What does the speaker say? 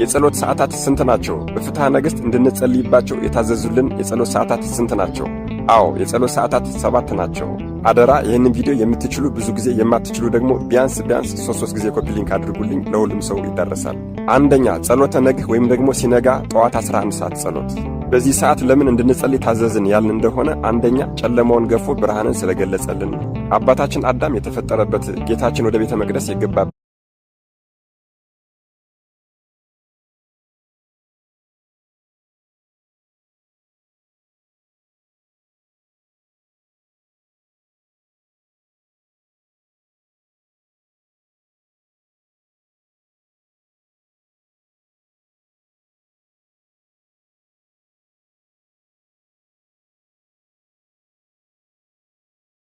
የጸሎት ሰዓታት ስንት ናቸው? በፍትሐ ነገሥት እንድንጸልይባቸው የታዘዙልን የጸሎት ሰዓታት ስንት ናቸው? አዎ የጸሎት ሰዓታት ሰባት ናቸው። አደራ ይህንን ቪዲዮ የምትችሉ ብዙ ጊዜ የማትችሉ ደግሞ ቢያንስ ቢያንስ ሶስት ሶስት ጊዜ ኮፒ ሊንክ አድርጉልኝ ለሁሉም ሰው ይዳረሳል። አንደኛ ጸሎተ ነግህ ወይም ደግሞ ሲነጋ ጠዋት 11 ሰዓት ጸሎት በዚህ ሰዓት ለምን እንድንጸልይ ታዘዝን ያልን እንደሆነ አንደኛ ጨለማውን ገፎ ብርሃንን ስለገለጸልን አባታችን አዳም የተፈጠረበት ጌታችን ወደ ቤተ መቅደስ የገባበት